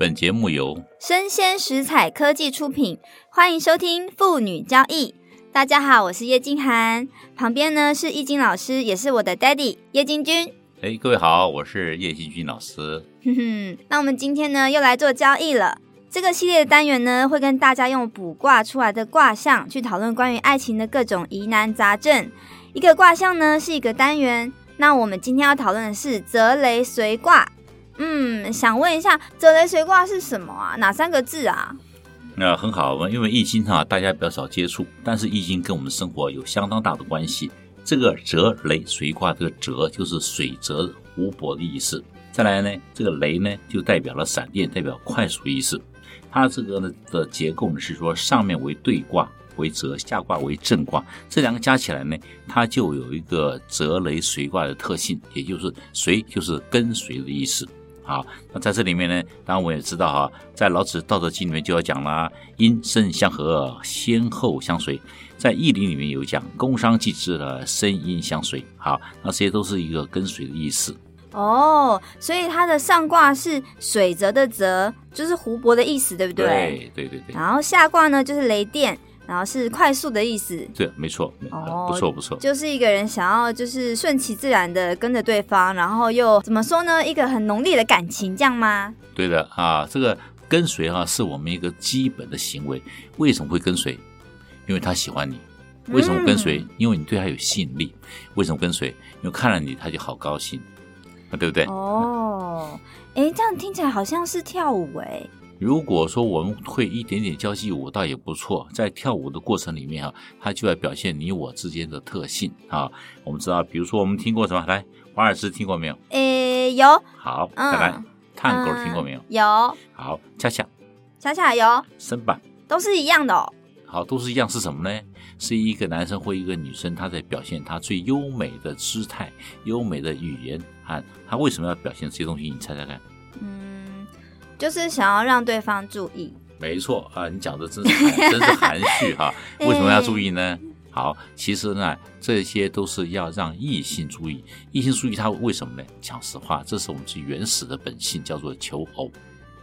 本節目由聲鮮時采科技出品，歡迎收聽《父女交易》。大家好，我是葉金涵，旁邊呢是易經老師，也是我的 daddy 葉金君。哎，各位好，我是葉金君老師。 那我們今天呢又來做交易了。這個系列的單元呢會跟大家用卜卦出來的卦象去討論關於愛情的各種疑難雜症。一個卦象呢是一個單元。那我們今天要討論的是澤雷隨卦。嗯，想問一下，澤雷隨卦是什麼啊？哪三個字啊？那、呃、很好，因為易經哈，大家比較少接觸，但是易經跟我們生活有相當大的關係。這個澤雷隨卦，這個澤就是水澤湖泊的意思。再來呢，這個雷呢就代表了閃電，代表快速的意思。它這個呢的結構呢是說，上面為兌卦為澤，下卦為震卦，這兩個加起來呢，它就有一個澤雷隨卦的特性，也就是隨就是跟隨的意思。好，那在這裡面呢，當然我也知道哈、啊，在老子《道德經》裡面就要講啦，音聲相合，先後相隨；在易林裡面有講，工商濟治了，聲音相隨。好，那這些都是一個跟隨的意思。哦，所以它的上卦是水澤的澤，就是湖泊的意思，對不對？對對對對。然後下卦呢，就是雷電。然後是快速的意思。對，沒錯。哦，不錯不錯，就是一個人想要就是順其自然的跟着對方，然後又怎麼說呢？一個很濃烈的感情，這樣嗎？對的啊。這個跟隨啊，是我們一個基本的行為。為什麼會跟隨？因為他喜歡你。為什麼跟隨？因為你對他有吸引力。為什麼跟隨？因為看了你他就好高興，對不對？哦，哎，這樣聽起來好像是跳舞哎、欸。如果說我們會一點點交際舞，倒也不錯。在跳舞的過程裡面啊，它就要表現你我之間的特性啊。我們知道，比如說我們聽過什麼？來，華爾茲聽過沒有？誒，有。好，再來探戈、嗯嗯、聽過沒有？有。好，恰恰，恰恰，有。身板都是一樣的哦。好，都是一樣，是什麼呢？是一個男生或一個女生，他在表現他最優美的姿態、優美的語言，啊，他為什麼要表現這些東西？你猜猜看。就是想要讓對方注意，沒錯啊，你講的真是 真是含蓄哈、啊。為什麼要注意呢？ 好，其實呢，這些都是要讓異性注意，嗯、異性注意他為什麼呢？講實話，這是我們最原始的本性，叫做求偶。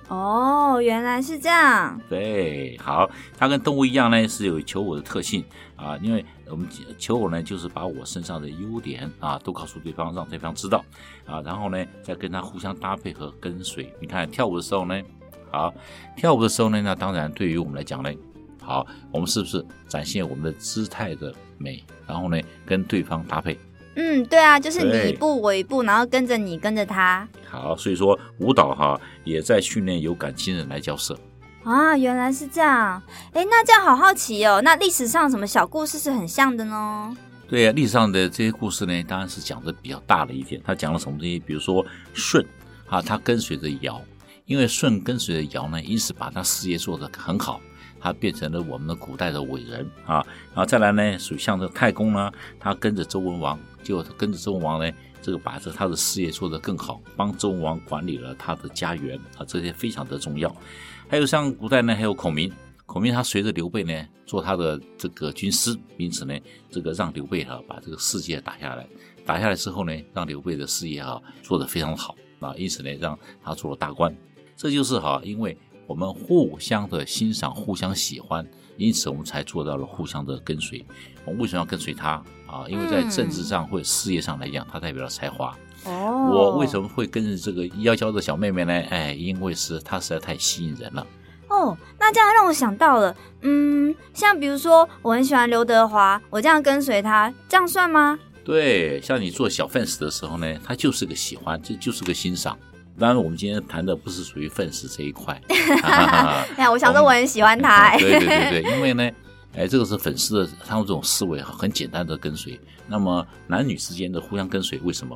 哦，原來是這樣。對，好，它跟動物一樣呢，是有求偶的特性啊。因為我們求偶呢，就是把我身上的優點啊，都告訴對方，讓對方知道啊。然後呢，再跟他互相搭配和跟隨。你看跳舞的時候呢，好，跳舞的時候呢，那當然對於我們來講呢，好，我們是不是展現我們的姿態的美，然後呢，跟對方搭配。嗯，對啊，就是你一步我一步，然後跟着你跟着他。好，所以說舞蹈哈、啊、也在訓練有感情人來交涉。啊，原來是這樣。哎，那這樣好好奇哦。那歷史上什麼小故事是很像的呢？對啊，歷史上的這些故事呢，當然是講的比較大的一點。他講了什麼東西？比如說舜啊，他跟隨着堯，因為舜跟隨着堯呢，因此把他事業做得很好，他變成了我們的古代的偉人啊。然後再來呢，屬相的太公呢，他跟着周文王。就跟着周文王呢，這個把這他的事業做得更好，幫周文王管理了他的家園啊，這些非常的重要。還有像古代呢，還有孔明，孔明他隨着劉備呢，做他的這個軍師，因此呢，這個讓劉備哈、啊、把這個世界打下來，打下來之後呢，讓劉備的事業啊做得非常好啊，因此呢，讓他做了大官。這就是哈、啊，因為我們互相的欣賞，互相喜歡。因此，我們才做到了互相的跟隨。我們為什麼要跟隨他啊？因為在政治上或事業上來講，他代表了才華。哦，我為什麼會跟着這個妖嬌的小妹妹呢？因為是她實在太吸引人了。哦，那這樣讓我想到了，嗯，像比如說，我很喜歡劉德華，我這樣跟隨他，這樣算嗎？對，像你做小粉 a 的時候呢，他就是個喜歡，這就是個欣賞。當然，我們今天談的不是屬於粉絲這一塊。哎、啊， 我想說我很喜歡他、哎。 對對對對，因為呢，哎，這個是粉絲的他們這種思維很簡單的跟隨。那麼男女之間的互相跟隨，為什麼？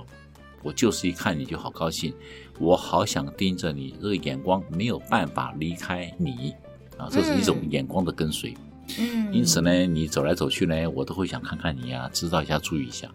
我就是一看你就好高興，我好想盯着你，這個眼光沒有辦法離開你啊，這是一種眼光的跟隨。嗯。因此呢，你走來走去呢，我都會想看看你啊，知道一下，注意一下。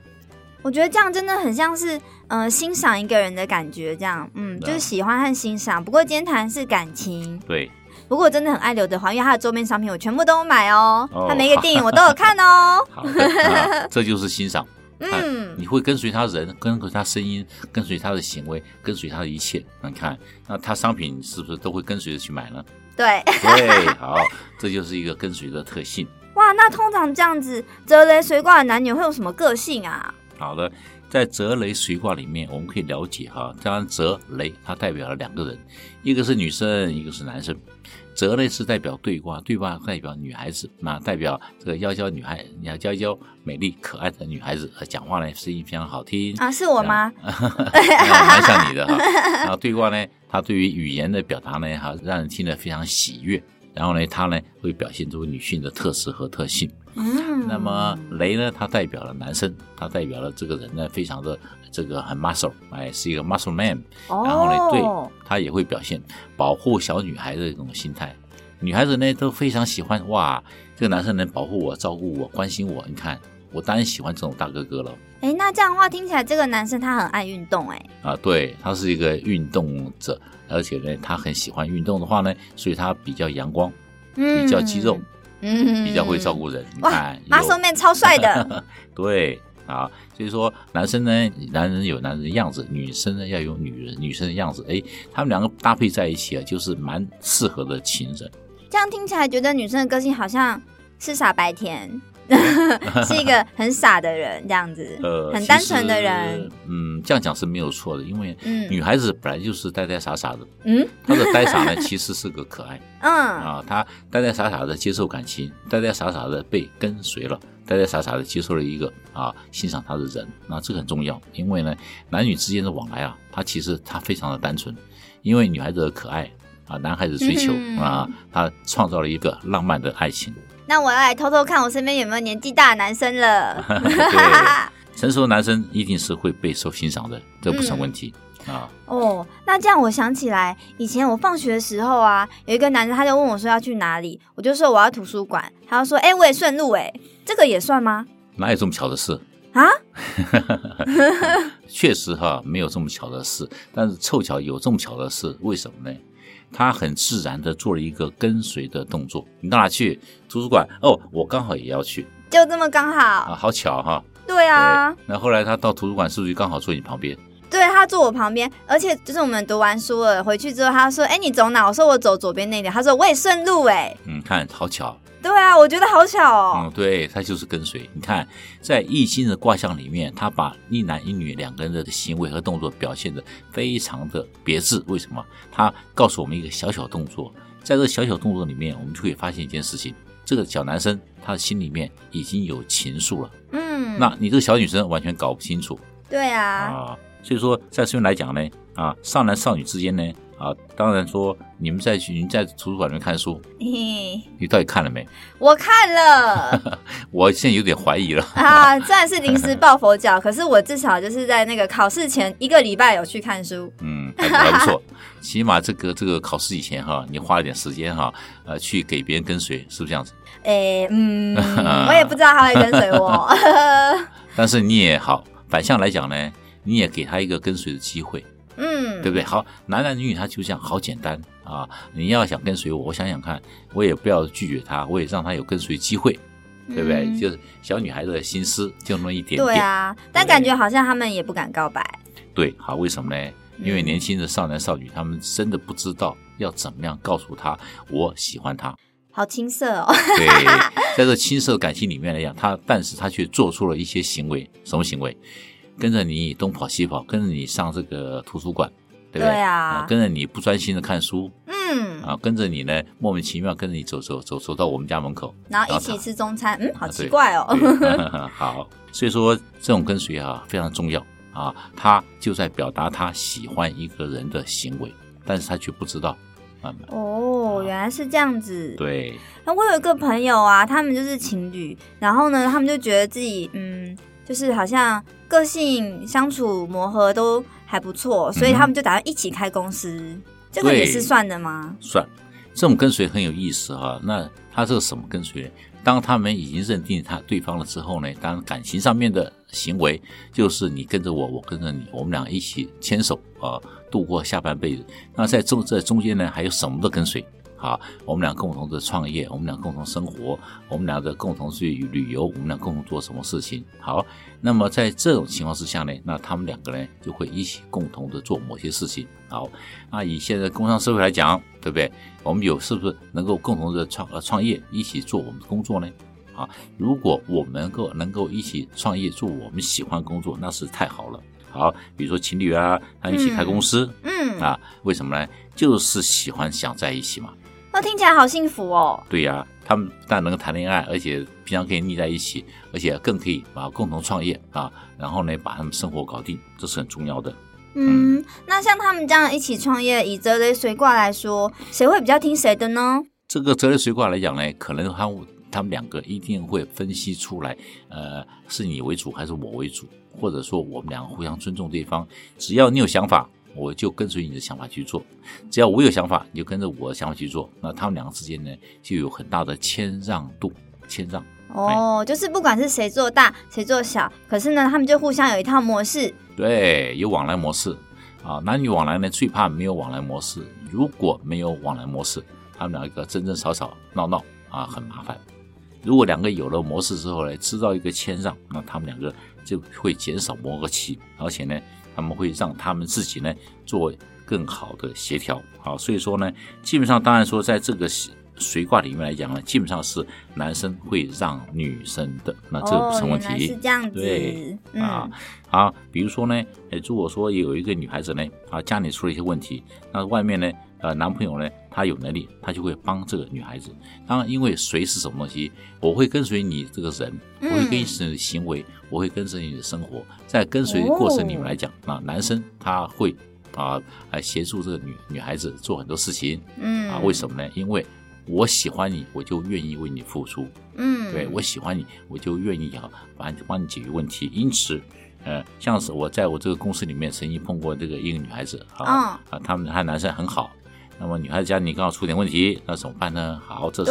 我覺得這樣真的很像是，嗯、呃，欣賞一個人的感覺，這樣，嗯，就是喜歡和欣賞。不過今天談的是感情，對。不過我真的很愛劉德華，因為他的周邊商品我全部都買哦，哦，他每一個電影我都有看哦。好 好，嗯啊、這就是欣賞、啊，嗯，你會跟隨他人，跟隨他聲音，跟隨他的行為，跟隨他的一切。你看，那他商品是不是都會跟隨着去買呢？對，對，好， 這就是一個跟隨的特性。哇，那通常這樣子澤雷隨卦的男女會有什麼個性啊？好的，在澤雷隨卦裡面，我們可以了解哈，當然澤雷它代表了兩個人，一個是女生，一個是男生。澤雷是代表兌卦，兌卦代表女孩子，那代表這個妖嬌女孩，你要妖嬌美麗可愛的女孩子，講話呢聲音非常好聽啊，是我嗎？蠻像你的哈。 然後兌卦呢，它對於語言的表達呢，哈，讓人聽得非常喜悅。然後呢，它呢會表現出女性的特色和特性。嗯。那麼雷呢，他代表了男生，他代表了這個人呢，非常的這個很 muscle，哎，是一個 muscle man。然後呢，oh。對，他也會表現保護小女孩的這種心態。女孩子呢都非常喜歡哇，這個男生能保護我、照顧我、關心我。你看，我當然喜歡這種大哥哥了。哎、欸，那這樣的話聽起來，這個男生他很愛運動哎、欸。啊，對，他是一個運動者，而且呢，他很喜歡運動的話呢，所以他比較陽光，比較肌肉。嗯嗯， 比較會照顧人。哇，muscle man 超帥的，嗯、 對啊，所以說男生呢，男人有男人的樣子，女生呢要有女人女生的樣子，哎，他們兩個搭配在一起啊，就是蠻適合的情人。這樣聽起來，覺得女生的個性好像是傻白甜。 是一個很傻的人，這樣子，呃，很單純的人，嗯，這樣講是沒有錯的，因為女孩子本來就是呆呆傻傻的，嗯，她的呆傻呢，其實是個可愛，嗯，啊，她呆呆傻傻的接受感情，呆呆傻傻的被跟隨了，呆呆傻傻的接受了一個啊欣賞她的人，那這個很重要，因為呢，男女之間的往來啊，她其實她非常的單純，因為女孩子的可愛啊，男孩子追求，嗯，啊，他創造了一個浪漫的愛情。那我要來偷偷看我身邊有沒有年紀大的男生了。 對對對。成熟的男生一定是會被受欣賞的，這不成問題、嗯、啊。哦，那這樣我想起來，以前我放學的時候啊，有一個男生他就問我說要去哪裡，我就說我要圖書館，他就說哎、欸，我也順路哎，這個也算嗎？哪有這麼巧的事啊？ 確實哈、啊，沒有這麼巧的事，但是湊巧有這麼巧的事，為什麼呢？他很自然的做了一個跟隨的動作。你到哪去？圖書館。哦，我剛好也要去，就這麼剛好。啊，好巧哈、哦。對啊對。那後來他到圖書館是不是剛好坐你旁邊？對，他坐我旁邊，而且就是我們讀完書了回去之後，他說：“哎，你走哪？”我說：“我走左邊那點。”他說：“我也順路。”哎，嗯，看好巧。對啊，我覺得好巧哦。嗯，對，他就是跟隨。你看，在易經的卦象裡面，他把一男一女兩個人的行為和動作表現得非常的別緻。為什麼？他告訴我們一個小小動作，在這個小小動作裡面，我們就會發現一件事情：這個小男生他的心裡面已經有情愫了。嗯，那你這個小女生完全搞不清楚。對啊。啊所以說，在這邊來講呢，啊，少男少女之間呢，啊，當然說你們在你們在圖書館裡面看書， 你到底看了沒？我看了 我現在有點懷疑了啊！雖然是臨時抱佛腳， 可是我至少就是在那個考試前一個禮拜有去看書，嗯，沒錯， 起碼這個這個考試以前哈，你花了點時間哈，呃，去給別人跟隨，是不是這樣子？哎，嗯， 我也不知道他會跟隨我 但是你也好，反向來講呢。你也給他一個跟隨的機會，嗯，對不對？好，男男女女他就這樣，好簡單啊！你要想跟隨我，我想想看，我也不要拒絕他，我也讓他有跟隨機會，對不對？嗯、就是小女孩子的心思就那麼一點點。對啊對，但感覺好像他們也不敢告白。對，好，為什麼呢？因為年輕的少男少女他、嗯、們真的不知道要怎麼樣告訴他我喜歡他。好青澀哦。對，在這青澀感情裡面來講，他但是他卻做出了一些行為，什麼行為？跟着你東跑西跑，跟着你上這個圖書館，對不對？對啊嗯、啊跟着你不專心的看書，嗯，啊，跟着你呢，莫名其妙跟着你走走走走到我們家門口，然後一起吃中餐，嗯，好奇怪哦、 啊。好，所以說這種跟隨啊非常重要啊，他就在表達他喜歡一個人的行為，但是他卻不知道啊。哦，原來是這樣子。啊、對。那我有一個朋友啊，他們就是情侶，然後呢，他們就覺得自己嗯。就是好像個性相處磨合都還不錯，所以他們就打算一起開公司，嗯、這個也是算的嗎？算，這種跟隨很有意思哈、啊。那他這個什麼跟隨呢？當他們已經認定他對方了之後呢？當感情上面的行為就是你跟着我，我跟着你，我們倆一起牽手啊、呃，度過下半輩子。那在中在中間呢，還有什麼的跟隨？好，我們倆共同的創業，我們倆共同生活，我們倆的共同去旅遊，我們倆共同做什麼事情？好，那麼在這種情況之下呢，那他們兩個人就會一起共同的做某些事情。好，那以現在工商社會來講，對不對？我們有是不是能夠共同的創呃創業，一起做我們的工作呢？好，如果我們能夠能夠一起創業做我們喜歡工作，那是太好了。好，比如說情侶啊，他一起開公司，嗯，嗯，啊，為什麼呢？就是喜歡想在一起嘛。都聽起來好幸福哦！對呀、啊，他們不但能夠談戀愛，而且平常可以膩在一起，而且更可以啊共同創業啊，然後呢把他們生活搞定，這是很重要的。嗯，嗯那像他們這樣一起創業，以澤雷隨卦來說，誰會比較聽誰的呢？這個澤雷隨卦來講呢，可能他他們兩個一定會分析出來，呃，是你為主還是我為主，或者說我們兩個互相尊重對方，只要你有想法。我就跟隨你的想法去做，只要我有想法，你就跟着我的想法去做。那他們兩個之間呢，就有很大的謙讓度，謙讓。哦、哎，就是不管是誰做大，誰做小，可是呢，他們就互相有一套模式。對，有往來模式啊，男女往來呢，最怕沒有往來模式。如果沒有往來模式，他們兩個爭爭吵吵、鬧鬧啊，很麻煩。如果兩個有了模式之後呢，製造一個謙讓，那他們兩個就會減少磨合期，而且呢。他們會讓他們自己呢，做更好的協調，好，所以說呢，基本上當然說，在這個隨卦裡面來講呢，基本上是男生會讓女生的，那這不成問題，哦、是這樣子，對，啊、嗯，好，比如說呢，誒如果說有一個女孩子呢，啊，家裡出了一些問題，那外面呢，呃，男朋友呢？他有能力，他就會幫這個女孩子。當然，因為隨是什麼東西，我會跟隨你這個人，我會跟隨你的行為，我會跟隨你的生活。在跟隨過程裡面來講，啊，男生他會啊，來協助這個女女孩子做很多事情。嗯，啊，為什麼呢？因為我喜歡你，我就願意為你付出。嗯，對，我喜歡你，我就願意啊，幫幫你解決問題。因此，呃，像是我在我這個公司裡面曾經碰過這個一個女孩子啊，啊，他們她男生很好。那麼女孩子家裡剛好出點問題，那怎麼辦呢？好，這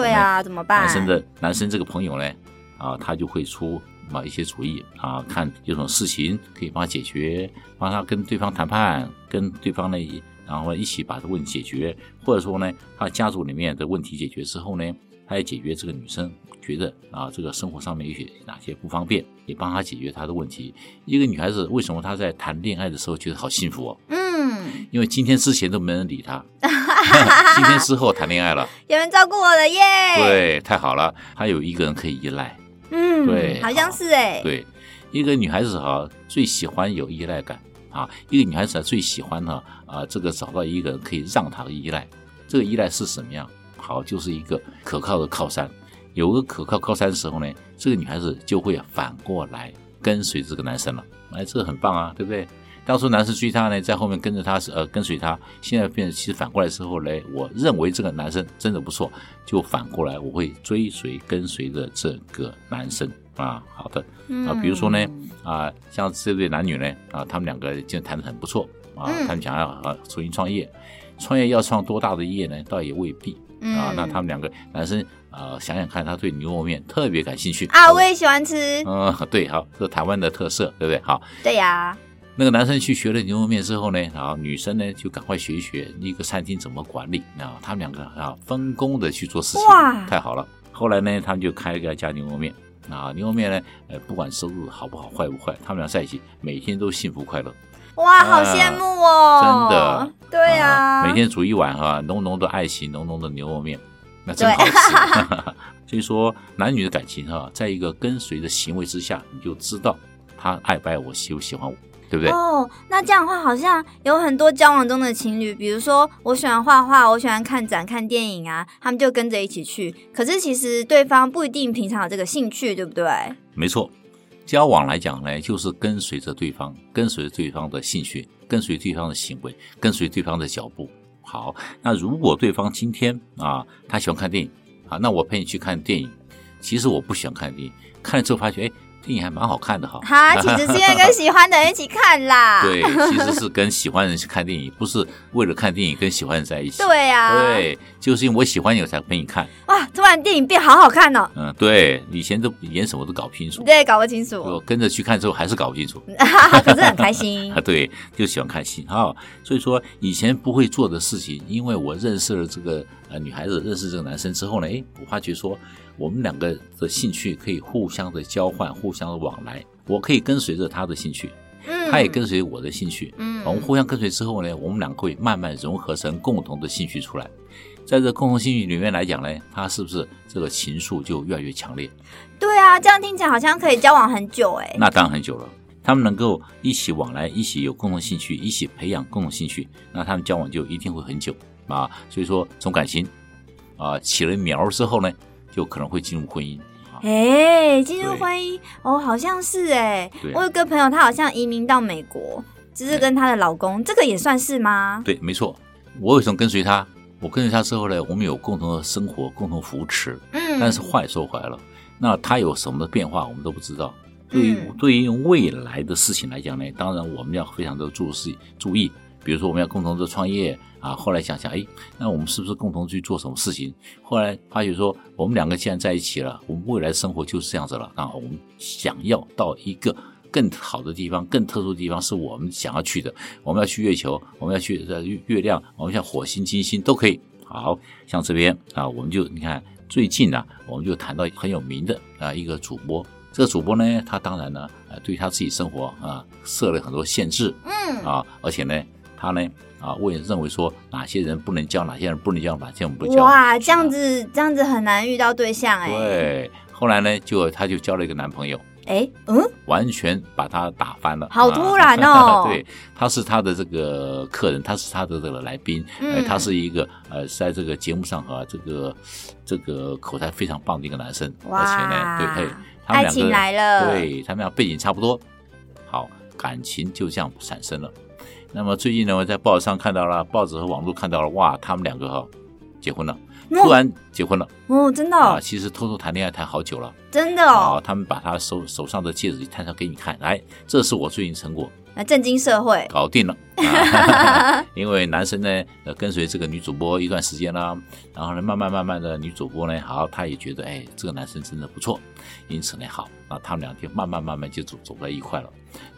怎麼辦？男生的男生這個朋友呢，啊，他就會出啊一些主意啊，看有什麼事情可以幫他解決，幫他跟對方談判，跟對方呢，然後一起把這問題解決，或者說呢，他家族裡面的問題解決之後呢，他也解決這個女生覺得啊，這個生活上面有些哪些不方便，也幫他解決他的問題。一個女孩子為什麼她在談戀愛的時候覺得好幸福哦？嗯，因為今天之前都沒人理她。 今天之後談戀愛了 有人照顧我了耶！Yeah! 對，太好了，還有一個人可以依賴。嗯，對，好，好像是哎，欸，對，一個女孩子哈，最喜歡有依賴感啊，一個女孩子啊，最喜歡呢，啊，這個找到一個人可以讓她的依賴，這個依賴是什麼樣？好，就是一個可靠的靠山。有個可靠靠山的時候呢，這個女孩子就會反過來跟隨這個男生了，哎，這個很棒啊，對不對？當初男生追他呢，在後面跟着他是呃跟隨他，現在變成其實反過來之後呢，我認為這個男生真的不錯，就反過來我會追隨跟隨着這個男生啊。好的啊，比如說呢啊，像這對男女呢啊，他們兩個就談得很不錯啊，他們想要、啊、重新創業。創業要創多大的業呢？倒也未必啊。那他們兩個男生啊、呃，想想看，他對牛肉麵特別感興趣啊，我也喜歡吃。嗯、啊，對，好，這是台灣的特色，對不對？好，對呀、啊。那個男生去學了牛肉麵之後呢，然後、啊、女生呢就趕快學一學一個餐廳怎麼管理啊。他們兩個啊分工的去做事情哇，太好了。後來呢，他們就開一個家牛肉麵啊。牛肉麵呢，呃，不管收入好不好，壞不壞，他們倆在一起每天都幸福快樂。哇，啊、好羨慕哦！真的，對呀、啊啊。每天煮一碗哈、啊，濃濃的愛情，濃濃的牛肉麵，那真好吃。 所以說，男女的感情哈、啊，在一個跟隨的行為之下，你就知道他愛不愛我，喜不喜歡我，對不對？哦、oh,，那這樣的話，好像有很多交往中的情侶，比如說我喜歡畫畫，我喜歡看展、看電影啊，他們就跟着一起去。可是其實對方不一定平常有這個興趣，對不對？沒錯，交往來講呢，就是跟隨着對方，跟隨着對方的興趣，跟隨着對方的行為，跟隨着對方的腳步。好，那如果對方今天啊，他喜歡看電影啊，那我陪你去看電影。其實我不喜歡看電影，看了之後發覺，誒、哎。電影還蠻好看的哈，哈，其實是因為跟喜歡的人一起看啦。 對，其實是跟喜歡的人去看電影，不是為了看電影跟喜歡的人在一起。對呀、啊，對，就是因為我喜歡你我才陪你看。哇，突然電影變得好好看哦。嗯，對，以前都演什麼都搞不清楚，對，搞不清楚。我跟着去看之後還是搞不清楚， 可是很開心。啊， 對，就喜歡看戲。哈、oh，所以說以前不會做的事情，因為我認識了這個。呃，女孩子認識這個男生之後呢，哎，我發覺說，我們兩個的興趣可以互相的交換，互相的往來，我可以跟隨着他的興趣，嗯，他也跟隨我的興趣，嗯，我們互相跟隨之後呢，我們兩個會慢慢融合成共同的興趣出來，在這共同興趣裡面來講呢，他是不是這個情愫就越來越強烈？對啊，這樣聽起來好像可以交往很久欸。那當然很久了，他們能夠一起往來，一起有共同興趣，一起培養共同興趣，那他們交往就一定會很久。啊，所以說從感情啊、呃、起了苗之後呢，就可能會進入婚姻。哎、啊，進入婚姻哦，好像是哎，我有個朋友，他好像移民到美國，就是跟他的老公，這個也算是嗎？對，沒錯。我為什麼跟隨他？我跟隨他之後呢，我們有共同的生活，共同扶持。嗯，但是話說回來了，那他有什麼的變化，我們都不知道。對於對於未來的事情來講呢，當然我們要非常的注視注意。比如說我們要共同做創業啊，後來想想，哎，那我們是不是共同去做什麼事情？後來發覺說，我們兩個既然在一起了，我們未來生活就是這樣子了。那、啊、我們想要到一個更好的地方、更特殊的地方，是我們想要去的。我們要去月球，我們要去在月亮，我們像火星、金星都可以。好，像這邊啊，我們就你看最近呢、啊，我們就談到很有名的啊一個主播，這個主播呢，他當然呢，呃，對他自己生活啊設了很多限制，嗯、啊，而且呢。他呢？啊，我也認為說，哪些人不能交，哪些人不能交，哪些人不能交。哇，這樣子、啊、這樣子很難遇到對象哎、欸。對，後來呢，就他就交了一個男朋友。哎、欸，嗯，完全把他打翻了。好突然哦、啊。對，他是他的這個客人，他是他的這個來賓。嗯、呃。他是一個呃，在這個節目上哈、呃，這個這個口才非常棒的一個男生。哇。而且呢，對，他他們兩個愛情來了，對，他們倆背景差不多。好，感情就這樣產生了。那麼最近呢，我在報紙上看到了，報紙和網絡看到了，哇，他們兩個哈、哦、結婚了，突然結婚了，哦，真的，啊，其實偷偷談戀愛談好久了，真的哦。好，他們把他手手上的戒指一攤上給你看，來，這是我最近成果，那震驚社會，搞定了、啊，因為男生呢，跟隨這個女主播一段時間啦，然後呢，慢慢慢慢的，女主播呢，好，她也覺得，哎，這個男生真的不錯，因此呢，好，啊，他們倆就慢慢慢慢就走走在一塊了，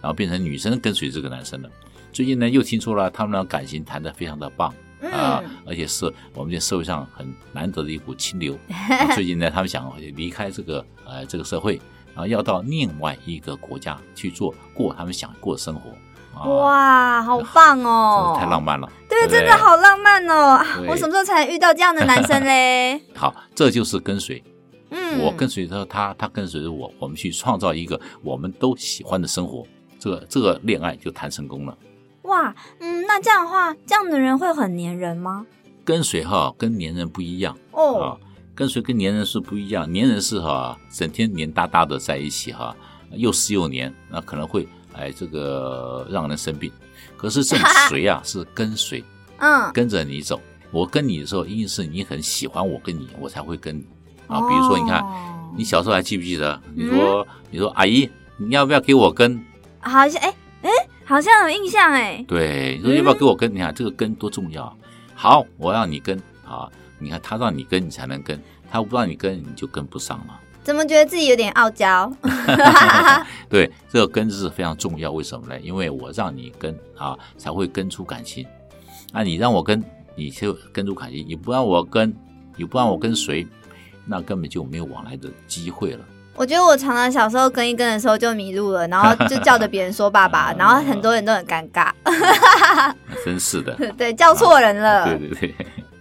然後變成女生跟隨這個男生了。最近呢，又聽說了他們倆感情談得非常的棒啊、嗯呃，而且是我們這社會上很難得的一股清流。啊、最近呢，他們想離開這個呃這個社會，然、啊、後要到另外一個國家去做，過他們想過的生活。啊、哇，好棒哦！啊、真的太浪漫了對。對，真的好浪漫哦！ 我什麼時候才能遇到這樣的男生嘞？好，這就是跟隨。嗯，我跟隨着他，他跟隨着我，我們去創造一個我們都喜歡的生活。這個這個戀愛就談成功了。哇，嗯，那這樣的話，這樣的人會很粘人嗎？跟隨哈，跟粘人不一樣哦、oh. 啊。跟隨跟粘人是不一樣，粘人是哈、啊，整天黏噠噠的在一起哈、啊，又濕又黏，那、啊、可能會哎這個讓人生病。可是這隨啊 是跟隨，嗯，跟着你走。我跟你的時候，一定是你很喜歡我跟你，我才會跟。啊，比如說你看，oh. 你小時候還記不記得？你說、嗯、你說阿姨，你要不要給我跟？好像，哎、欸、哎。欸好像有印象哎，對，你說要不要給我跟？嗯、你看這個跟多重要。好，我讓你跟啊，你看他讓你跟，你才能跟；他不讓你跟，你就跟不上嘛。怎麼覺得自己有點傲嬌？ 對，這個跟是非常重要，為什麼呢？因為我讓你跟啊，才會跟出感情；啊，你讓我跟，你就跟出感情；你不讓我跟，你不讓我跟誰，那根本就沒有往來的機會了。我覺得我常常小時候跟，一跟的時候就迷路了，然後就叫着別人說爸爸， 啊、然後很多人都很尷尬。 真是的， 對，叫錯人了，啊。對對對，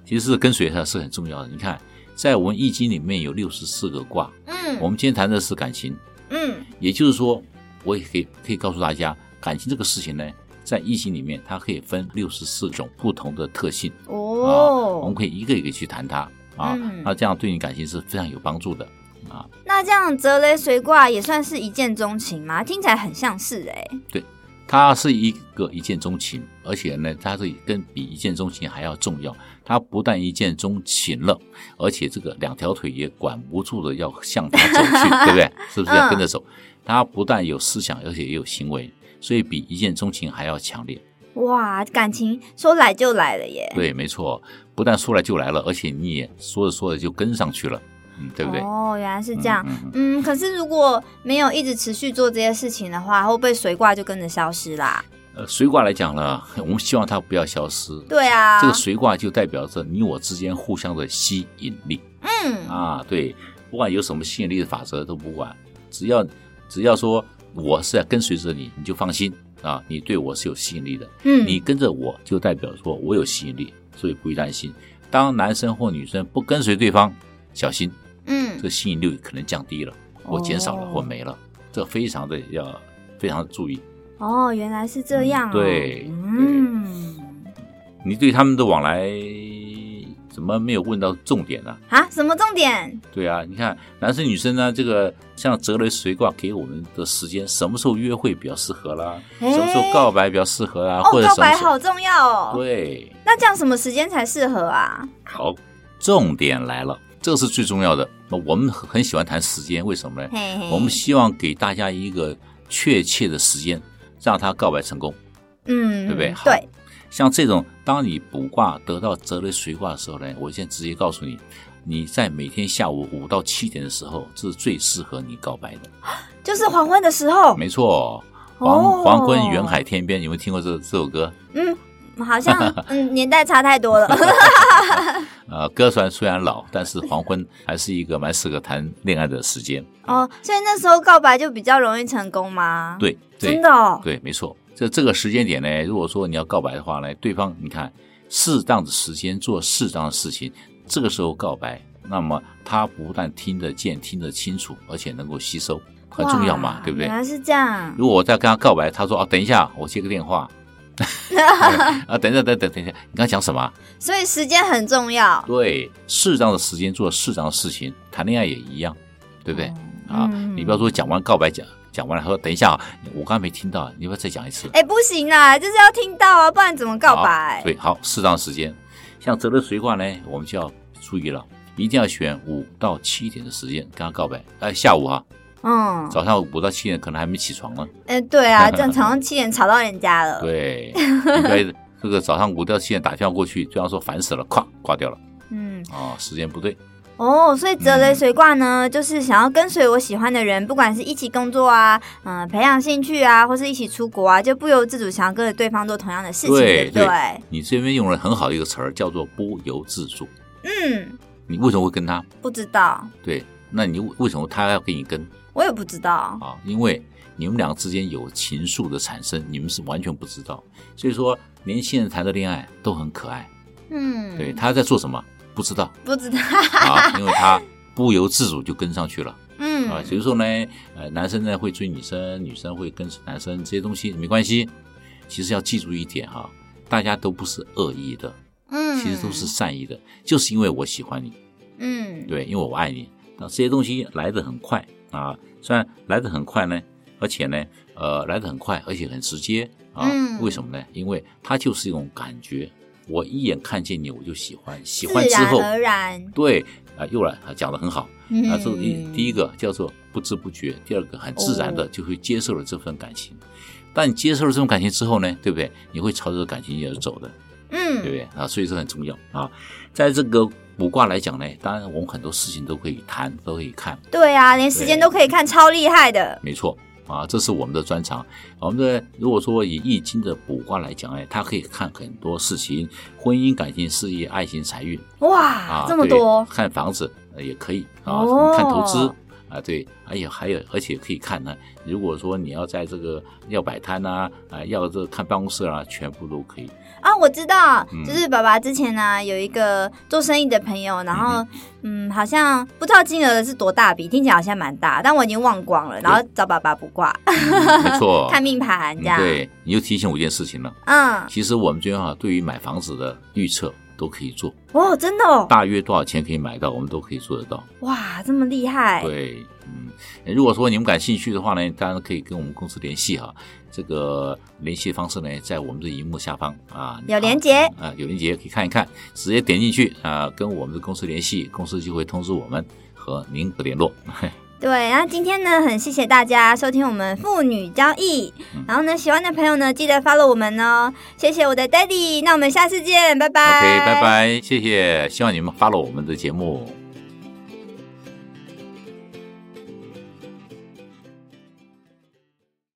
其實跟隨他是很重要的。你看，在我們易經裡面有六十四個卦。嗯。我們今天談的是感情。嗯。也就是說，我也可以可以告訴大家，感情這個事情呢，在易經裡面它可以分六十四種不同的特性。哦、啊。我們可以一個一個去談它啊，那、嗯啊、這樣對你感情是非常有幫助的。啊，那這樣澤雷隨卦也算是一見鍾情嗎？聽起來很像是誒、欸，對，他是一個一見鍾情，而且呢，他是更比一見鍾情還要重要。他不但一見鍾情了，而且這個兩條腿也管不住的要向他走去， 對不對？是不是要跟着走、嗯？他不但有思想，而且也有行為，所以比一見鍾情還要強烈。哇，感情說來就來了耶！對，沒錯，不但說來就來了，而且你也說着說着就跟上去了。嗯，對不對？哦，原來是這樣嗯嗯。嗯，可是如果沒有一直持續做這些事情的話，會不會隨卦就跟着消失啦？呃，隨卦來講呢，我們希望它不要消失。對啊，這個隨卦就代表着你我之間互相的吸引力。嗯，啊，對，不管有什麼吸引力的法則都不管，只要只要說我是在跟隨着你，你就放心啊，你對我是有吸引力的。嗯，你跟着我就代表說我有吸引力，所以不必擔心。當男生或女生不跟隨對方，小心。嗯，這個吸引力可能降低了，或減少了，哦、或沒了，這非常的要非常的注意。哦，原來是這樣、哦嗯。對，嗯對，你對他們的往來怎麼沒有問到重點呢？啊，什麼重點？對啊，你看男生女生呢，這個像澤雷隨卦給我們的時間，什麼時候約會比較適合啦、啊？什麼時候告白比較適合啊？哦，或者告白好重要。哦。對，那這樣什麼時間才適合啊？好，重點來了。這是最重要的。我們很喜歡談時間，為什麼呢？嘿嘿，我們希望給大家一個確切的時間，讓他告白成功。嗯，對不對？好對。像這種，當你卜卦得到澤雷隨卦的時候呢，我現在直接告訴你，你在每天下午五到七點的時候，這是最適合你告白的，就是黃昏的時候。沒錯，黃黃昏，遠海天邊、哦，有沒有聽過這這首歌？嗯。好像嗯，年代差太多了 。呃、嗯，歌雖然雖然老，但是黃昏還是一個蠻適合談戀愛的時間。哦，所以那時候告白就比較容易成功嗎？對，對，真的哦，對，沒錯。這這個時間點呢，如果說你要告白的話呢，對方你看適當的時間做適當的事情，這個時候告白，那麼他不但聽得見、聽得清楚，而且能夠吸收，很重要嘛，對不對？原來是這樣。如果我再跟他告白，他說哦、啊，等一下，我接個電話。啊， 等等等等等等一下，你剛剛講什麼？所以時間很重要，對，適當的時間做適當的事情，談戀愛也一樣，對不對？啊、哦嗯，你不要說講完告白講，講完了說等一下我剛剛沒聽到，你不要再講一次。哎，不行啊，就是要聽到啊，不然怎麼告白？對，好，適當時間，像澤雷隨卦呢，我們就要注意了，一定要選五到七點的時間跟他告白，哎，下午啊。嗯，早上五到七點可能還沒起床呢。哎，對啊，這早上七點吵到人家了。對， 這個早上五到七點打電話過去，對方說煩死了，咵、呃、掛掉了。嗯，哦，時間不對。哦，所以澤雷隨卦呢、嗯，就是想要跟隨我喜歡的人，不管是一起工作啊，嗯、呃，培養興趣啊，或是一起出國啊，就不由自主想要跟着對方做同樣的事情對，對對。你這邊用了很好的一個詞兒，叫做不由自主。嗯，你為什麼會跟他？不知道。對。那你為什麼他要跟你？跟我也不知道啊。因為你們兩個之間有情愫的產生，你們是完全不知道，所以說年輕人談的戀愛都很可愛。嗯，對，他在做什麼不知道。不知道啊，因為他不由自主就跟上去了。嗯啊，所以說呢，呃，男生呢會追女生，女生會跟男生，這些東西沒關係。其實要記住一點哈、啊，大家都不是惡意的。嗯，其實都是善意的，就是因為我喜歡你。嗯，對，因為我愛你。那這些東西來的很快啊，雖然來的很快呢，而且呢，呃，來的很快，而且很直接啊、嗯。為什麼呢？因為它就是一種感覺，我一眼看見你，我就喜歡，喜歡之後自然而然，對啊，又來，他講的很好啊。這、嗯、第一個叫做不知不覺，第二個很自然的就會接受了這份感情。哦、但你接受了這種感情之後呢，對不對？你會朝着感情而走的，嗯，對不對啊？所以這很重要啊，在這個。卜卦來講呢，當然我們很多事情都可以談，都可以看。對啊，連時間、嗯、都可以看，超厲害的。沒錯啊，這是我們的專長。我們的如果說以易經的卜卦來講呢、啊，它可以看很多事情，婚姻、感情、事業、愛情、財運。哇，啊、這麼多！看房子、呃、也可以啊、哦，看投資。啊，對，而且還有，而且可以看呢、啊。如果說你要在這個要擺攤啊，啊，要這看辦公室啊，全部都可以。啊，我知道，嗯、就是爸爸之前呢、啊、有一個做生意的朋友，然後嗯、嗯，好像不知道金額是多大筆，聽起來好像蠻大，但我已經忘光了。然後找爸爸卜卦。嗯、沒錯， 看命盤這樣、嗯。對，你就提醒我一件事情了。嗯，其實我們最近哈、啊，對於買房子的預測。都可以做哦，真的哦。大約多少錢可以買到？我們都可以做得到。哇，這麼厲害！對，嗯，如果說你們感興趣的話呢，當然可以跟我們公司聯繫哈。這個聯繫方式呢，在我們的熒幕下方啊，啊、有鏈接啊，有鏈接可以看一看，直接點進去啊，跟我們的公司聯繫，公司就會通知我們和您的聯絡。嘿。對，那今天呢，很謝謝大家收聽我們父女交易，嗯，然後呢，喜歡的朋友呢，記得 follow 我們哦，謝謝我的 daddy，那我們下次見，拜拜，OK，拜拜，謝謝，希望你們 follow 我們的節目。